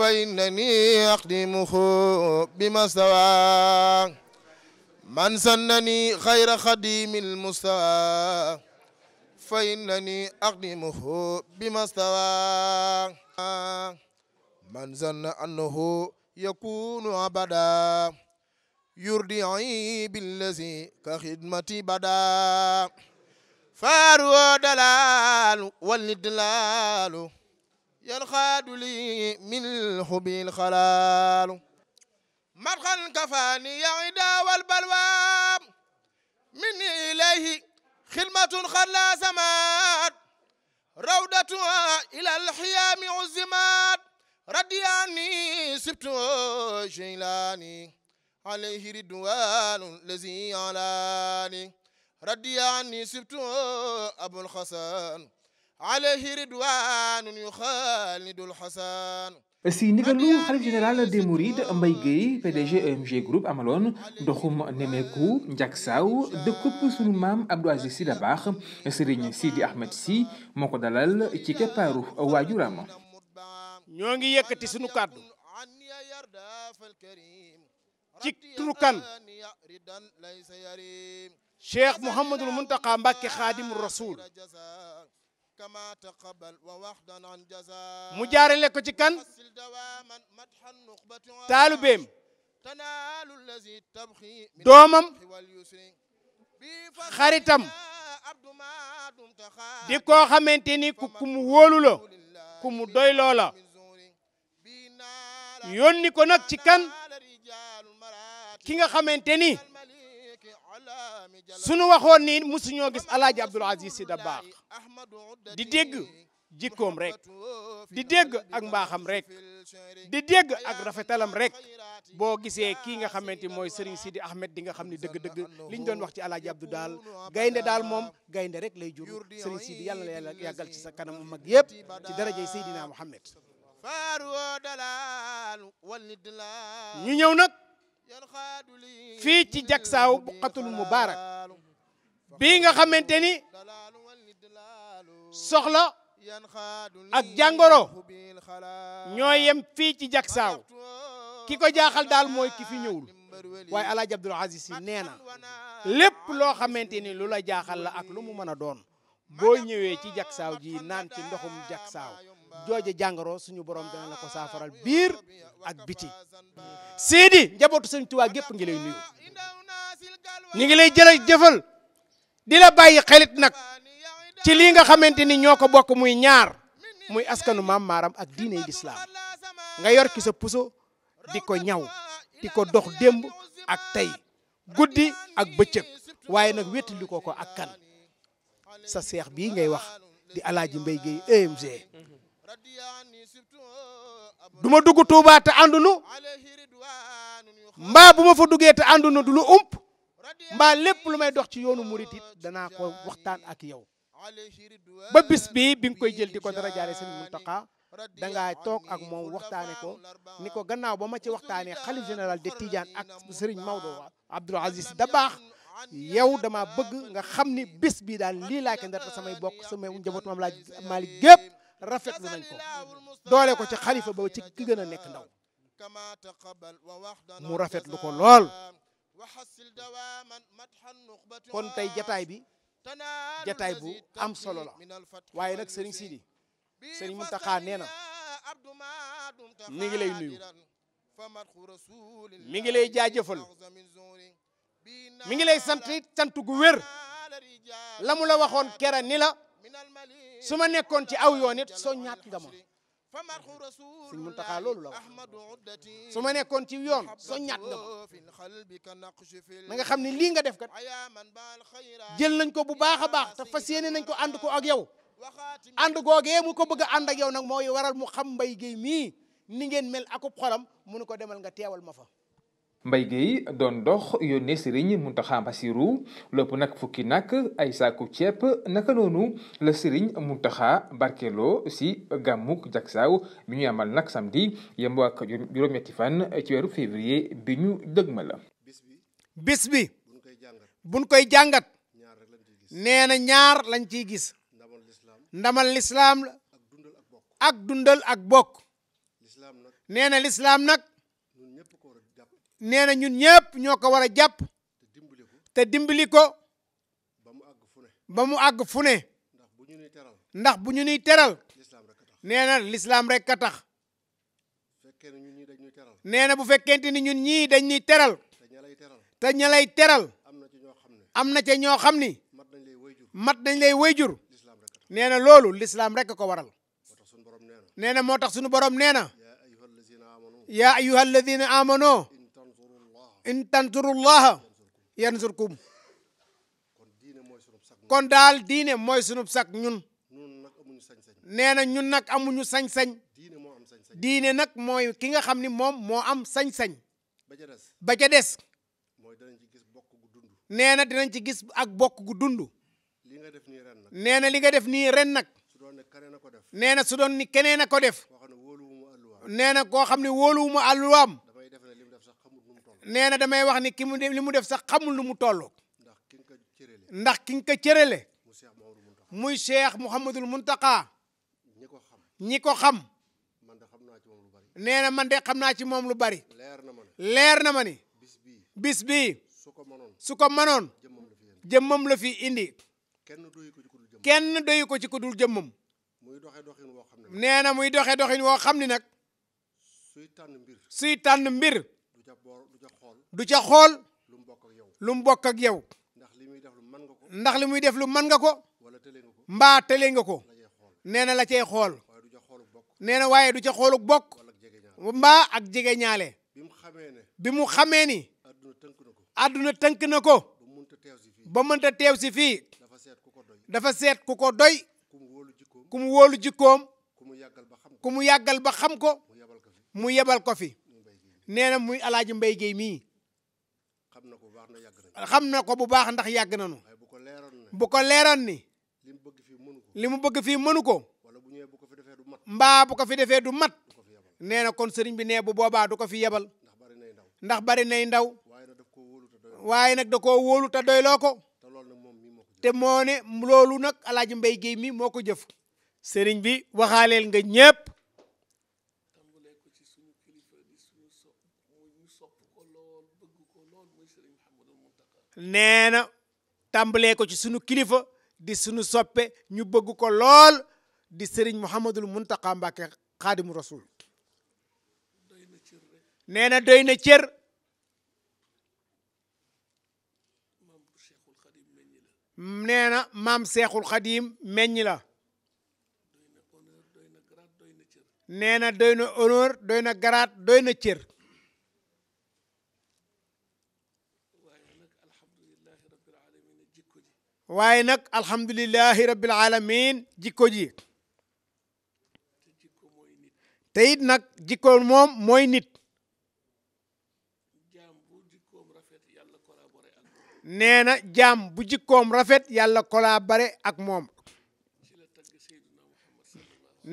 فإنني أخدمه بما استوى من سنني خير خديم المستوى فإنني أخدمه بما استوى من ظن أنه يكون عبدا يرضي بالذي كخدمتي بدا فارو دلال والدلال يلخاد لي من الحب الخلال مرخا كفاني عدا والبلوى من إليه خلمة خلا سمات روضتها إلى الحيام عزمات ردياني سبت شيلاني عليه ردوان الذي علاني ردياني سبت أبو الحسن alayhi ridwanun yuxaalidul xasaan si ndigalu xalif général des mourides Mbaye Gueye PDG EMG groupe amaloon doxum nemeeku njak saaw dëkkub sunu maam Aziz Sy Dabakh Serigne Sidi Ahmed Sy moo ko dalal ci keppaaru waajuram ñoo ngi yëkkati sunu kàddu ci turu kan Cheikh Mouhamadoul Mountakha Mbacké mu jaarale ko ci kan taalubeem doomam xaritam di koo xamante ni ku mu wóolu la ku mu doy loola yónni ko nag ci kan ki nga xamante sunu waxoon ni musuñoo gis alaaji Abdoul Aziz Sy Dabakh di dégg jikkoom rek di dégg ak mbaaxam rek di dégg ak rafetalam rek boo gisee kii nga xamante mooy Serigne Sidi Ahmed di nga xam ni dëgg-dëgg li doon wax ci alaaji Abdou daal gaynde daal moom gaynde rek lay jur Serigne Sidi yàlla la yàlla yàggal ci sa kanam mag yëpp ci darajay Seydina Muhammad ñu ñëw nag fii ci jagsaaw buqatul mubaarak bii nga xamante ni soxla ak jàngoro ñoo yem fii ci jagsaaw ki ko jaaxal daal mooy ki fi ñëwul waaye alaaji abdul aziz si lépp loo xamante ni lu la jaaxal la ak lu mu mën a doon boo ñëwee ci jagsaaw ji naan ci ndoxum jagsaaw jooje jàngoro suñu borom dana ko saafaral biir ak biti Sidi njabootu sëñ Tuubaa gépp ngi lay nuyu ñu ngi lay jëla jëfal di la bàyyi xelit nag ci lii nga xamante ni ñoo ko bokk muy ñaar muy askanu maam maaram ak diine lislaam nga yor ki sa puso di ko ñaw di ko dox démb ak tey guddi ak bëccëg waaye nag wéttali ko ko ak kan sa seex bii ngay wax di alaaji mbay géey EMG Euh, du ma dugg Touba te àndunu mbaa bu ma fa duggee te àndunu du lu ump mbaa lépp lu may dox ci yoonu murit it euh, danaa ko waxtaan ak yow ba bis bi bi nga koy jël di ko dara jaare sëñ Muntaxa dangaa toog ak moom waxtaane ko ni ko gannaaw ba ma ci waxtaanee xalif général de Tidiane ak Serigne Maodo Abdoul Aziz Dabakh yow dama bëgg nga xam ni bis bi daal lii laa ko ndar samay bokk samay njabootu Maam laa Maalik gépp rafetlu nañ ko doole ko ci xalifa ba ci ki gën a nekk ndaw mu rafetlu ko lool ko kon tey jataay bi jataay bu am solo la waaye nag sëriñ Sidi sëriñ Muntaxa nee na mi ngi lay nuyu mi ngi lay jaajëfal mi ngi lay sant sant gu wér la mu la waxoon kera ni su ma nekkoon ci aw yoon it soo ñaat nga ma suñ muntaxaa loolu la wax su ma nekkoon ci yoon soo ñaat nga ma na nga xam ne lii nga def kat jël nañ ko bu baax a baax te fas yéene nañ ko ànd ko ak yow ànd googee mu ko bëgg a ànd ak yow nag mooy waral mu xam mbay géey mii ni ngeen mel akub xolam munu ko demal nga teewal ma fa Mbaye Guèye doon dox yónnee Serigne Mountakha Bassirou lépp nag fukki nag ay saaku ceeb naka noonu la Serigne Mountakha barkeloo si gàmmuk jagsaaw bi ñu amal nag samedi yem ak juróom-ñetti fan ci weeru février bi ñu dëgma la bis bi buñ koy jàngat nee na ñaar lañ ci gis ndamal lislaam la ak dundal ak bokk nee lislaam nag nee na ñun ñëpp ñoo ko war a jàpp te dimbali ko ba mu àgg fu ba mu àgg fu ne ndax bu ñu nuy teral ndax bu ñu nuy teral nee na lislaam rek a tax nee na bu fekkente ni ñun ñii dañ ñuy teral te ña lay teral am na ca ñoo xam ni mat nañ lay wayjur nee na loolu lislaam rek a ko waral nee na moo tax suñu borom nee na yaa ayyuha alladina amano in tansurullaha yansurkum kon daal diine mooy sunub sak ñun nee na ñun nag amuñu sañ-sañ diine nag mooy ki nga xam ni moom moo am sañ-sañ ba ca des nee na dinañ ci gis ak bokk gu dund nee na li nga def nii ren nag nee na su doon ni keneen a ko def nee na koo xam ne wóoluwuma àlluwaam nee na damay wax ni ki mu li mu def sax xamul lu mu toll. ndax ki nga ko cërale. ndax ki nga ko cërale. muy Cheikh Mouhamadul Mountakha. ñi ko xam ñi ko xam. man de xam naa ci moom lu bari. nee na man xam naa ci moom lu bari. leer na ma ni leer na ma ni. bis bii bis bii. su ko mënoon su ko mënoon. jëmmam la fi indi. kenn doyu ko ci ku dul jëmmam ko ci ku dul muy doxee doxin woo xam ne. nee na muy doxee doxin woo xam ne nag. suy tànn mbir suy tànn mbir. du ca xool lu mu bokk ak yow ndax li muy def lu mën nga ko ndax li muy def lu mën nga ko mbaa tëlee nga ko nee na la cay xool nee na waaye du ca xooluk bokk mbaa ak jege ñaale bi mu xamee ni àdduna tënk na ko ba mënta teew si fii dafa seet ku ko doy ku mu wóolu jikkoom ku mu yàggal ba xam ko mu yebal ko fi nee na muy alaaji mbay géey mii xam na ko bu baax ndax yàgg nañu xam na ko bu baax ndax yàgg nañu bu ko leeroon ni bu ko leeroon ni li mu bëgg fii mënu ko li mu bëgg fii mënu ko wala bu ñëwee bu ko fi defee du mat mbaa bu ko fi defee du mat nee na kon sëriñ bi nee bu boobaa du ko fi yebal ndax bari nay ndaw ndax bari nay ndaw waaye nag da koo woolu te doyloo ko te moo ne loolu nag alaaji mbay géey mi moo ko jëf sëriñ bi waxaaleel nga ñépp nee na tàmbalee ko ci sunu kilifa di sunu soppe ñu bëgg ko lool di sëriñ Mouhamadul Muntaqa Mbàkke xaadimu rasul nee na doy na cër nee maam seexul xadim meññ la nee na doy na honneur doy waaye nag alhamdulilahi rabbil alamin jikko ji te it nag jikko moom mooy nit nee na jaam bu jikkoom rafet yàlla collaboré ak moom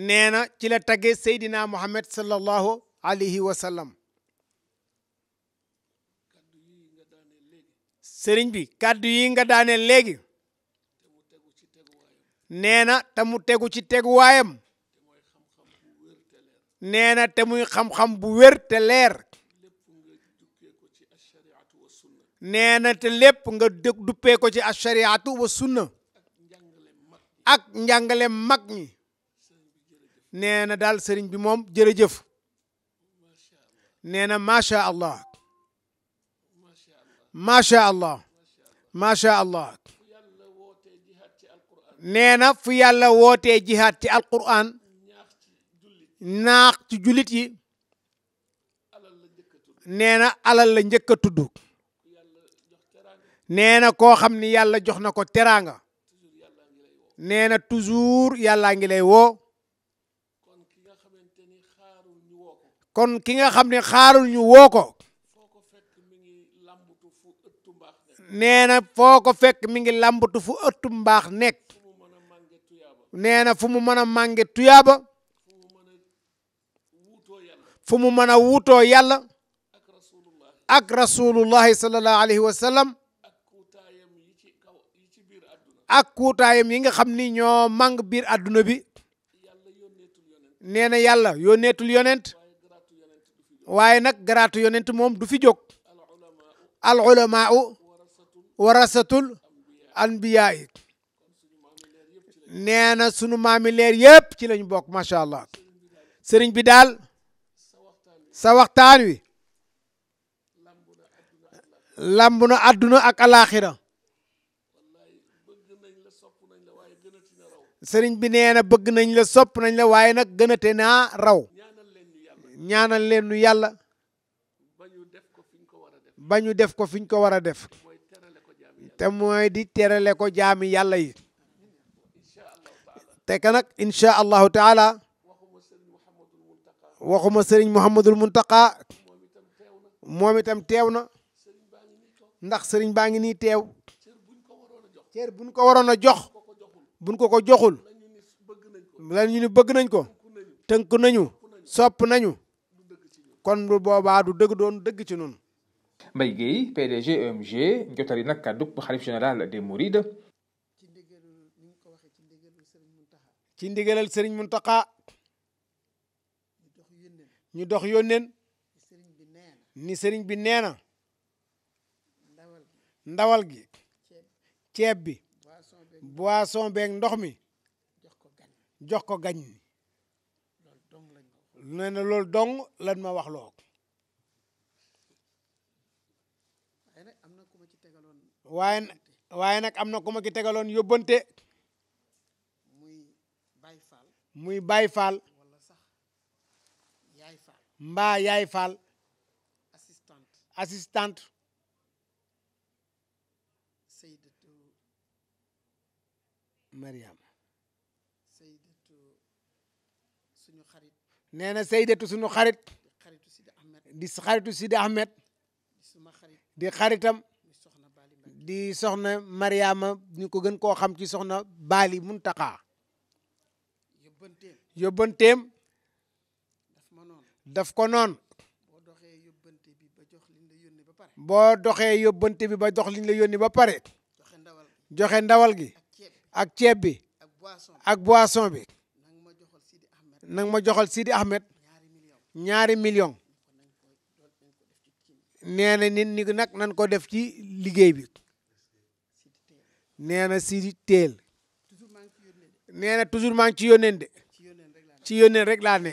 nee na ci la tagge Seydina Muhammad sallallahu alayhi wa sallam sëriñ bi kàddu yi nga daane léegi nee na te tegu ci teguwaayam nee na te muy bu wér te leer nee na te lépp nga duppee ko ci ashariatu wa sunna ak njàngale mag ñi nee na daal sëriñ bi moom jërëjëf nee na macha allah macha allah macha allah nee na fu yàlla wootee jihaad ci alquran naax ci jullit yi nee na alal la njëkk a tudd nee na koo xam ni yàlla jox na ko teraanga nee na toujours yàllaa ngi lay woo kon ki nga xam ne xaarul ñu woo ko nee na foo ko fekk mi ngi làmbatu fu ëttu mbaax nekk nee na fu mu mën a mànge tuyaaba fu mu mën a wuutoo yàlla ak rasulullahi sallallahu alayhi wa ak kuutaayam yi nga xam ni ñoo màng biir àdduna bi nee na yàlla yónneetul yonent waaye nag garaatu yonent moom du fi jóg al ulamaau warasatul anbiyaa nee na sunu maami leer yëpp ci lañ bokk macha allah sëriñ bi daal sa waxtaan wi lamb na àdduna ak alaaxira sëriñ bi nee na bëgg nañ la sopp nañ la waaye nag gënate naa raw ñaanal leen nu yàlla ba ñu def ko fi ko war a def te mooy di terale ko jaami yàlla yi te que nag incha allahu taala waxuma sëriñ Mouhamadul Muntaqa moom itam teew na ndax sëriñ baa ngi nii teew ceer buñ ko waroon a jox buñ ko ko joxul lan ñu ni bëgg nañ ko tënk nañu sopp nañu kon lu boobaa du dëgg doon dëgg ci noonu Mbaye Guèye PDG EMG jotali nag kàddug xalif général des Mourides ci ndigalal sëriñ Muntaqa ñu dox yónneen ni sëriñ bi nee na ndawal gi ceeb bi boisson beeg ndox mi jox ko gañ ni nee na loolu dong lan ma wax loo waaye waaye nag am na ku ma tegaloon yóbbante muy Baay Faal mbaa Yaay Faal assistante Saydatu Mariam nee na Saydatu suñu xarit di xaritu Sidi Ahmed di xaritam di soxna Mariama ñu ko gën koo xam ci soxna Baali Muntaqa yóbbanteem daf ko noon boo doxee yóbbante bi ba jox liñ la yónni ba pare joxe ndawal gi ak ceeb bi ak boisson bi nang ma joxal Sidi Ahmed ñaari million nee na nit ñi nag nan ko def ci liggéey bi nee Sidi teel nee na toujours maa ngi ci yónneen de ci yónneen rek laa ne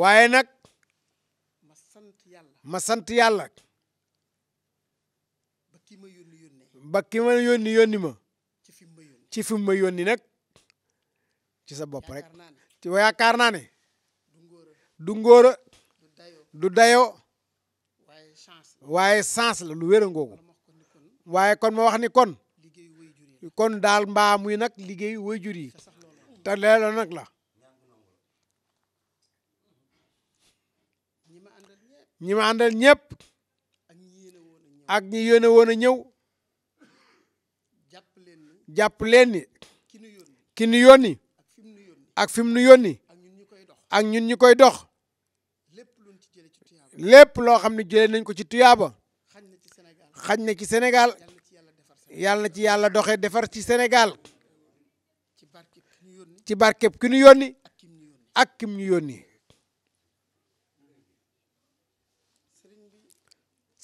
waaye nag ma sant yàlla ba ki ma yónni yónni ma ci fi ma yónni nag ci sa bopp rek ci yaakaar naa ne du ngóora du dayo waaye sens la lu wér ngoogu waaye kon ma wax ni kon kon daal mbaam muy nag liggéey wayjur yi te leelo nag la ñi ma àndal ñëpp ak ñi yónne woon a ñëw jàpp leen ni ki nu yónni ak fi mu nu yónni ak ñun ñu koy dox lépp loo xam ne jëlee nañ ko ci tuyaaba xañ na ci senegal yàlla na ci yàlla doxee defar ci Sénégal ci barkeb ki ñu yónni ak kim ñu yónni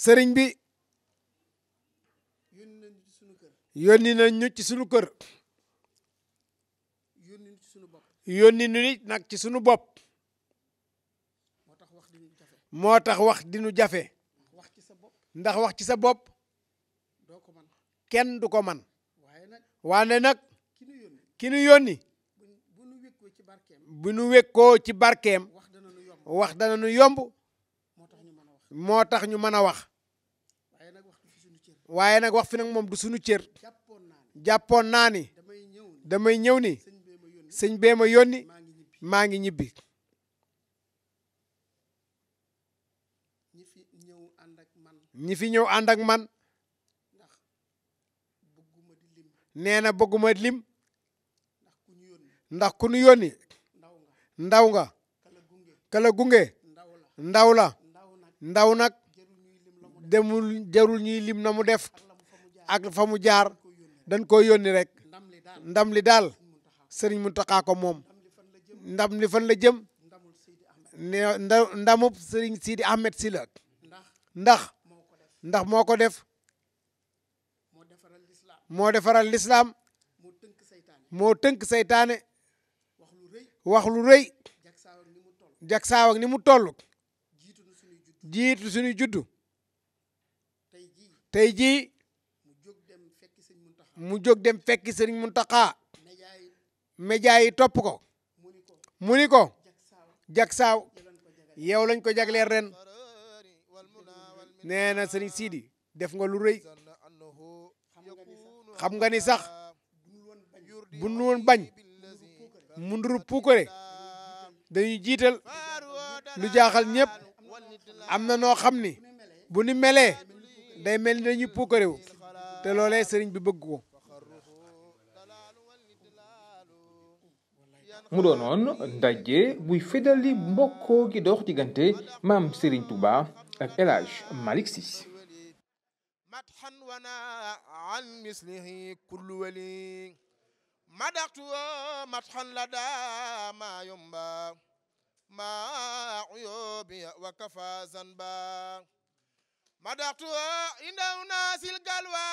sëriñ bi yónni nañ ñu ci sunu kër yónni nu nit nag ci sunu bopp moo tax wax dinu jafe ndax wax ci sa bopp kenn du ko man waane nag ki nu yónni bu nu wékkoo ci barkeem wax dana nu yomb moo tax ñu mën a wax waaye nag wax fi nag moom du suñu cër jàppoon naa ni damay ñëw ni sëñ bee ma yónni maa ngi ñibbi ñi fi ñëw ànd ak man nee na bëgguma lim ndax ku ñu yónni ndaw nga kala gunge ndaw la ndaw nag demul jarul ñuy lim na mu def ak fa mu jaar dañ ko yónni rek ndam li daal sëriñ Muntaxa ko moom ndam li fan la jëm ne ndamub sëriñ siidi Ahmed si la ndax ndax moo ko def moo defaral lislaam moo tënk seytaane wax lu rëy jak saaw ak ni mu toll jiitu suñu juddu tey jii mu jóg dem fekki sëriñ Muntaxaa média yi topp ko mu ni ko jak saaw yow lañ ko jagleel ren nee na sëriñ Sidi def nga lu rëy xam nga ni sax bu nu woon bañ mu nduru dañuy jiital lu jaaxal ñëpp am na noo xam ni bu ni melee day mel ni dañuy puukare wu te loolee sëriñ bi bëgg ko. mu doonoon ndaje buy fidali mbokkoo gi dox diggante maam Serigne Touba. ak El Hadj Malick Sy matxan wana an mislihi kullu wali madaxtu matxan la daa maa yomba maa uyubi wa kafa zanba madaxtu indaw naasil galwa